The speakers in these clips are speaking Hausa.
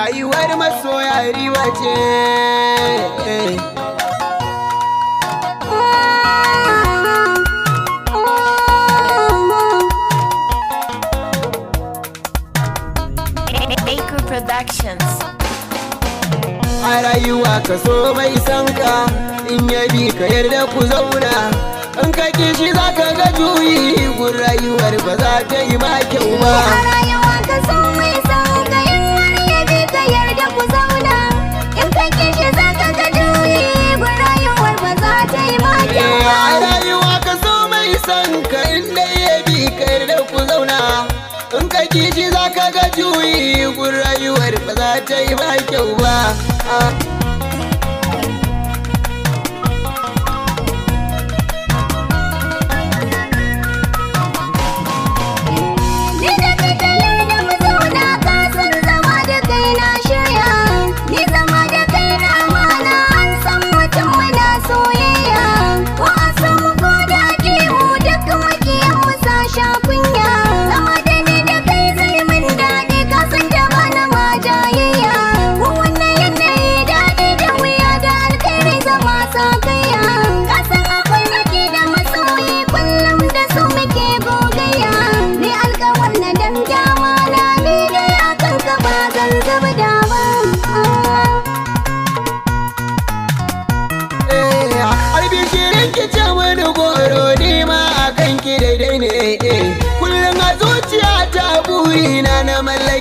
rayuwar masoya riba ce A rayuwa ka so mai sanka in yabi ka yarda ku zauna in ka kishi za ka ga juyi gun rayuwar ba za ta yi ma kyau ba ba ta yi ba kyau ba ah.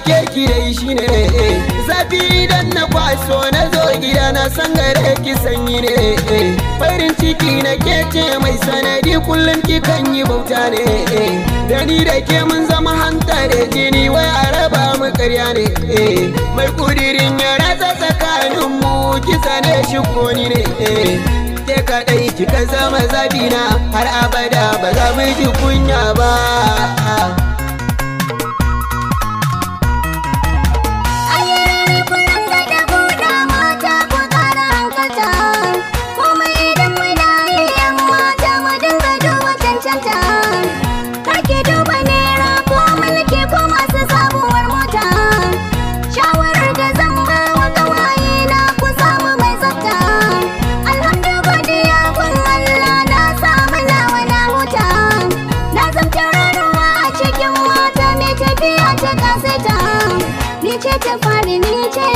ke ki dai ne zafi idan na kwaso na zo gida na san gare ki sanyi ne farin ciki na ke ce mai sanadi kullum ki kan yi bauta ne da ni da ke mun zama hanta da jini wai a raba mu karya ne mai kudirin ya rasa tsakanin mu ki sane shi koni ne ke kadai kan zama zabina har abada ba za mu ji kunya ba नीचे चपार नीचे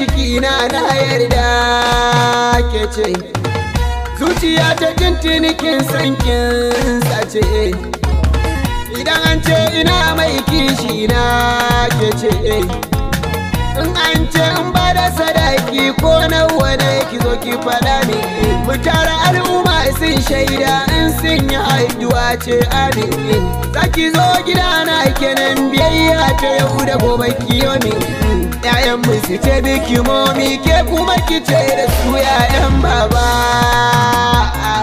ciki na na yarda ke ce zuciya ta tintinikin sankin sace idan an ce ina mai kishi na ke ce in an ce in ba da sadaki ko nawa ne ki zo ki fada ne mu al'umma sun shaida sun yi haiduwa ce amini Zaki zo gidana kenan biyayya ta yau da gobe kiyomi Ya'yan su ce biki momi ke kuma ki ce da su ya'yan baba